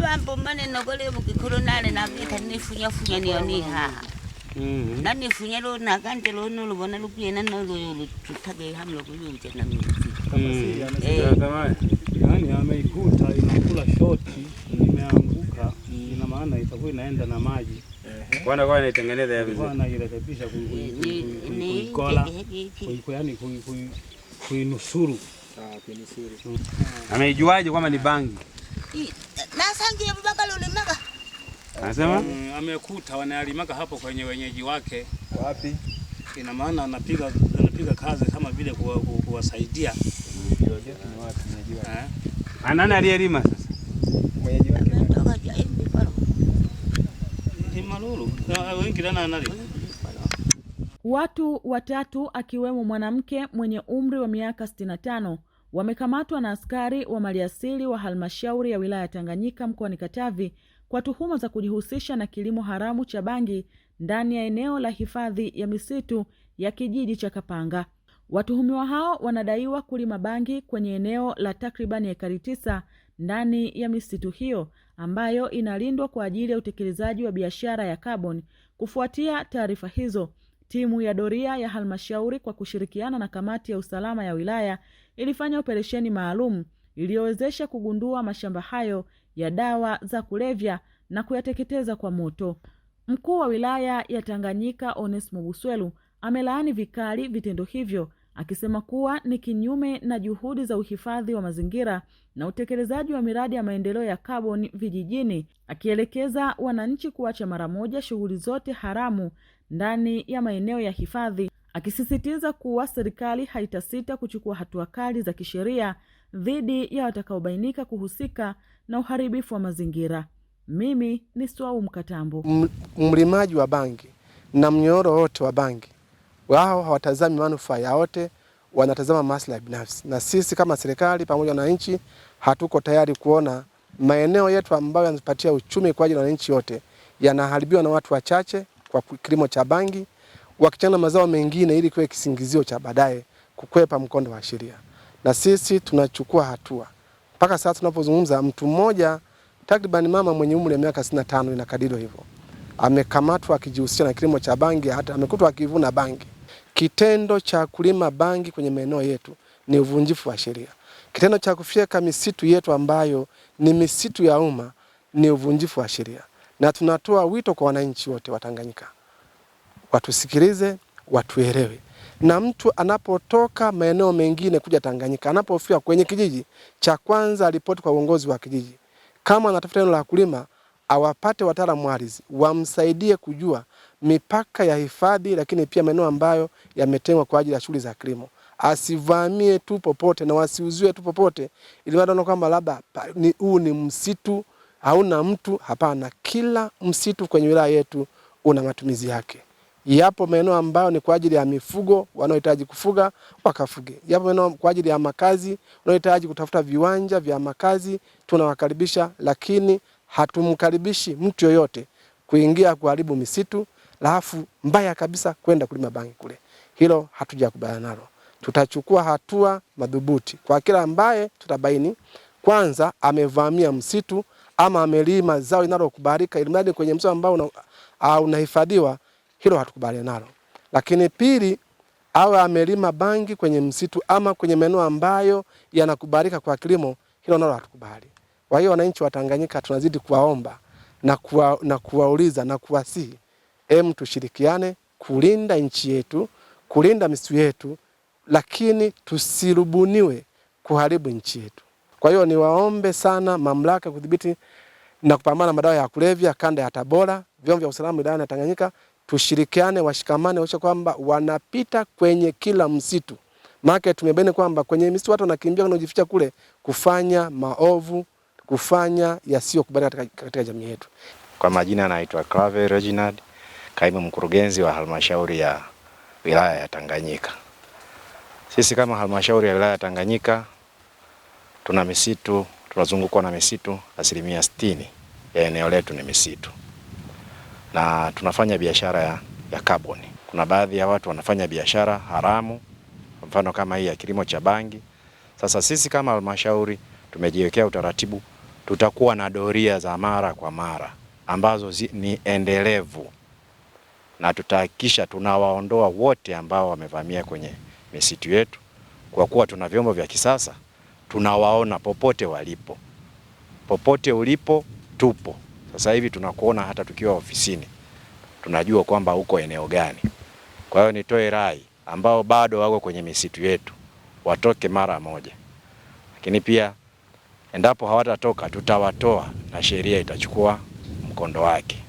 nabambumane nogole mugikuru nale nagita nifunyafunya niyo nihaha mm-hmm. nanifunye nakanje luno lubona lugwena noluyo lututage hamlo kuyuja na muziki mm-hmm. mm-hmm. eh. yani ameikuta inakula shoti imeanguka ina maana itakuwa inaenda na maji kwana kwa inaitengeneza ya vizuri kwana irekebisha kuikola yani kuinusuru ameijuaje kwamba ni bangi Anasema mm, amekuta wanalimaka hapo kwenye wenyeji wake. Wapi? Ina maana anapiga anapiga kazi kama vile kuwasaidia. Kuwa eh? nani aliyelima sasa? Mwenyeji wake. Wengi Watu watatu akiwemo mwanamke mwenye umri wa miaka 65 wamekamatwa na askari wa maliasili wa halmashauri ya wilaya Tanganyika mkoani Katavi kwa tuhuma za kujihusisha na kilimo haramu cha bangi ndani ya eneo la hifadhi ya misitu ya kijiji cha Kapanga. Watuhumiwa hao wanadaiwa kulima bangi kwenye eneo la takribani ekari tisa ndani ya misitu hiyo ambayo inalindwa kwa ajili ya utekelezaji wa biashara ya kaboni. Kufuatia taarifa hizo, timu ya doria ya halmashauri kwa kushirikiana na kamati ya usalama ya wilaya ilifanya operesheni maalum iliyowezesha kugundua mashamba hayo ya dawa za kulevya na kuyateketeza kwa moto. Mkuu wa wilaya ya Tanganyika Onesmo Buswelu amelaani vikali vitendo hivyo akisema kuwa ni kinyume na juhudi za uhifadhi wa mazingira na utekelezaji wa miradi ya maendeleo ya kaboni vijijini, akielekeza wananchi kuacha mara moja shughuli zote haramu ndani ya maeneo ya hifadhi, akisisitiza kuwa serikali haitasita kuchukua hatua kali za kisheria dhidi ya watakaobainika kuhusika na uharibifu wa mazingira. Mimi ni Swau Mkatambo. Mlimaji wa bangi na mnyororo wote wa bangi, wao hawatazami manufaa ya wote, wanatazama maslahi binafsi, na sisi kama serikali pamoja na wananchi hatuko tayari kuona maeneo yetu ambayo yanatupatia uchumi kwa ajili ya wananchi wote yanaharibiwa na watu wachache kwa kilimo cha bangi, wakichana mazao mengine ili kiwe kisingizio cha baadaye kukwepa mkondo wa sheria na sisi tunachukua hatua. Mpaka sasa tunapozungumza, mtu mmoja takriban mama mwenye umri wa miaka 65 inakadiriwa hivyo amekamatwa akijihusisha na kilimo cha bangi, hata amekutwa akivuna bangi. Kitendo cha kulima bangi kwenye maeneo yetu ni uvunjifu wa sheria. Kitendo cha kufyeka misitu yetu ambayo ni misitu ya umma ni uvunjifu wa sheria, na tunatoa wito kwa wananchi wote wa Tanganyika watusikilize, watuelewe na mtu anapotoka maeneo mengine kuja Tanganyika, anapofika kwenye kijiji cha kwanza alipoti kwa uongozi wa kijiji, kama anatafuta eneo la kulima awapate wataalamu ardhi wamsaidie kujua mipaka ya hifadhi, lakini pia maeneo ambayo yametengwa kwa ajili ya shughuli za kilimo. Asivamie tu popote na wasiuzie tu popote, ili wanaona kwamba labda huu ni msitu hauna mtu. Hapana, kila msitu kwenye wilaya yetu una matumizi yake. Yapo maeneo ambayo ni kwa ajili ya mifugo, wanaohitaji kufuga wakafuge. Yapo maeneo kwa ajili ya makazi, wanaohitaji kutafuta viwanja vya makazi, tunawakaribisha, lakini hatumkaribishi mtu yoyote kuingia kuharibu misitu, alafu mbaya kabisa kwenda kulima bangi kule. Hilo hatujakubaliana nalo. Tutachukua hatua madhubuti kwa kila ambaye tutabaini kwanza amevamia msitu ama amelima zao linalokubalika, ilimradi kwenye msitu ambao unahifadhiwa, uh, una hilo hatukubali nalo. Lakini pili, awe amelima bangi kwenye msitu ama kwenye maeneo ambayo yanakubalika kwa kilimo, hilo nalo hatukubali. Kwa hiyo wananchi wa Tanganyika tunazidi kuwaomba na, kuwa, na kuwauliza na kuwasihi, em, tushirikiane kulinda nchi yetu, kulinda misitu yetu, lakini tusirubuniwe kuharibu nchi yetu. Kwa hiyo niwaombe sana mamlaka kudhibiti na kupambana na madawa ya kulevya kanda ya Tabora, vyombo vya usalama ndani ya Tanganyika tushirikiane, washikamane, washa kwamba wanapita kwenye kila msitu, maana tumebaini kwamba kwenye misitu watu wanakimbia kujificha kule kufanya maovu, kufanya yasiyokubalika katika, katika jamii yetu. Kwa majina anaitwa Clave Reginald, kaimu mkurugenzi wa halmashauri ya wilaya ya Tanganyika. Sisi kama halmashauri ya wilaya ya Tanganyika tuna misitu, tunazungukwa na misitu, asilimia sitini ya eneo letu ni misitu na tunafanya biashara ya, ya kaboni. Kuna baadhi ya watu wanafanya biashara haramu, kwa mfano kama hii ya kilimo cha bangi. Sasa sisi kama halmashauri tumejiwekea utaratibu, tutakuwa na doria za mara kwa mara ambazo zi, ni endelevu na tutahakikisha tunawaondoa wote ambao wamevamia kwenye misitu yetu. Kwa kuwa tuna vyombo vya kisasa, tunawaona popote walipo, popote ulipo, tupo. Sasa hivi tunakuona hata tukiwa ofisini, tunajua kwamba uko eneo gani. Kwa hiyo nitoe rai ambao bado wako kwenye misitu yetu watoke mara moja, lakini pia endapo hawatatoka tutawatoa na sheria itachukua mkondo wake.